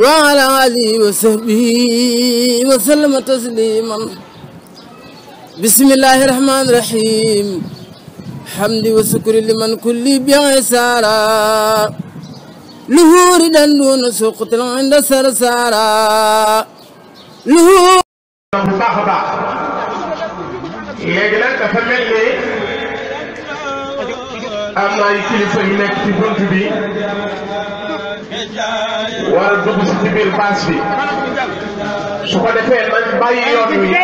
وعلى آله وصحبه وسلم تسليما بسم الله الرحمن الرحيم حمد وشكر لمن كل بعسارا لهور دون سقط عند سرسارا لهور bu baax a baax léegi nag dafa mel ni am na ay kilifa yu nekk ci bunt bi wala dugg si ci biir baas bi su ko defee nañ bàyyi yoon wi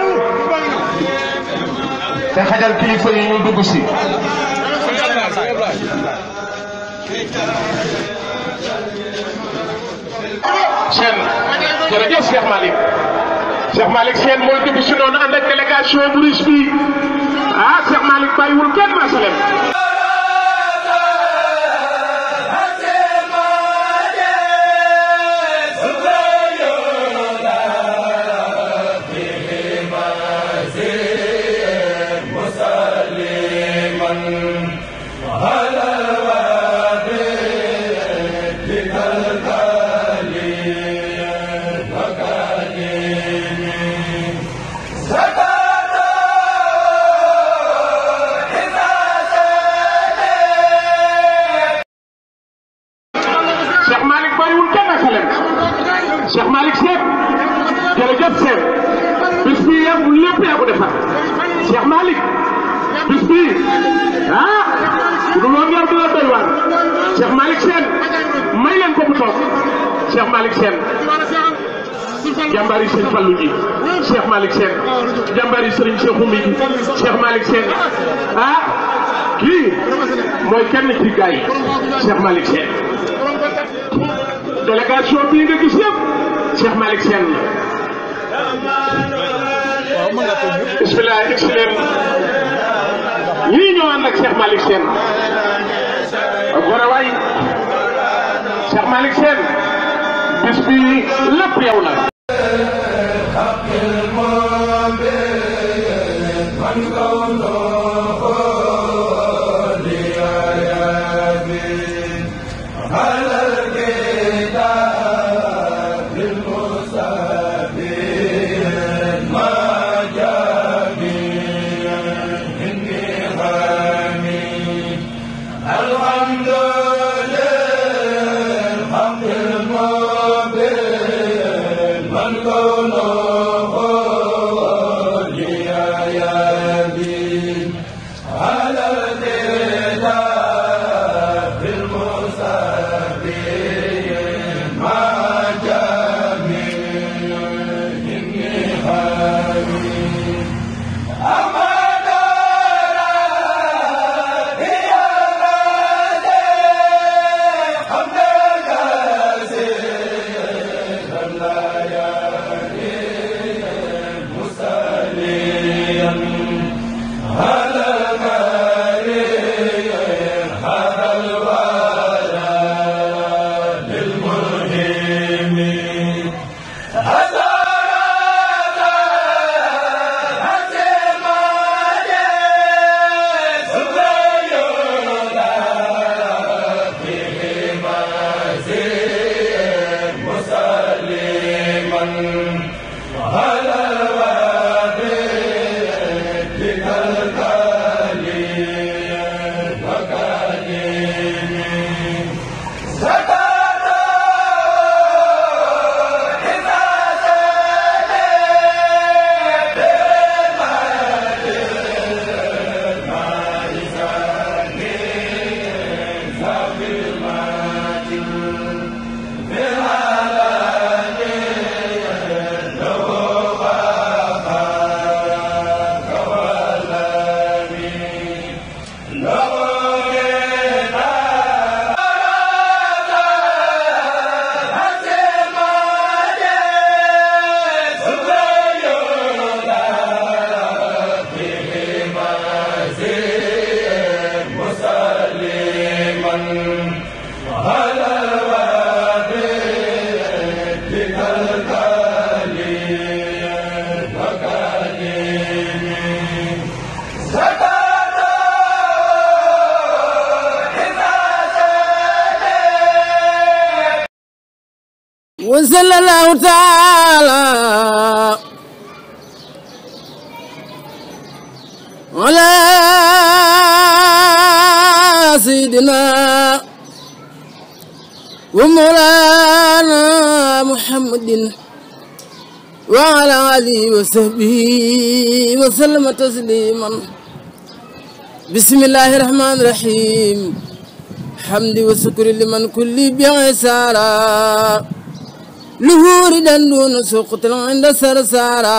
te xajal kilifa yi ñu dugg si. seen jërëjëf Cheikh Malick Cheikh Malick seen mooy dugg si noonu ànd ak délégation bu riche bi ah Cheikh Malick bàyyiwul kenn masalem Cheikh Malick Seck jërëjëf Seck bis bii yëpp lépp yaa ko defar Cheikh Malick bis bii ah du loolu yow dina doy waar Cheikh Malick Seck may leen ko mu toog Cheikh Malick Seck jàmbaari sëñ Fallou ji Cheikh Malick Seck jàmbaari sëriñ Cheikh Oumy ji Cheikh Malick Seck ah kii mooy kenn ci gars yi Cheikh Malick Seck délégation bii nga gis yëpp. Cheikh Malick Sène bisimilah ig si leen ñii ñoo ànd ak Cheikh Malick Sène gone waay Cheikh Malick Sène bis bi lépp yow la الحمد وصلى الله تعالى على سيدنا ومولانا محمد وعلى آله وصحبه وسلم تسليما بسم الله الرحمن الرحيم حمد وشكر لمن كل بعسارا لهور دندون سقط عند سرسارا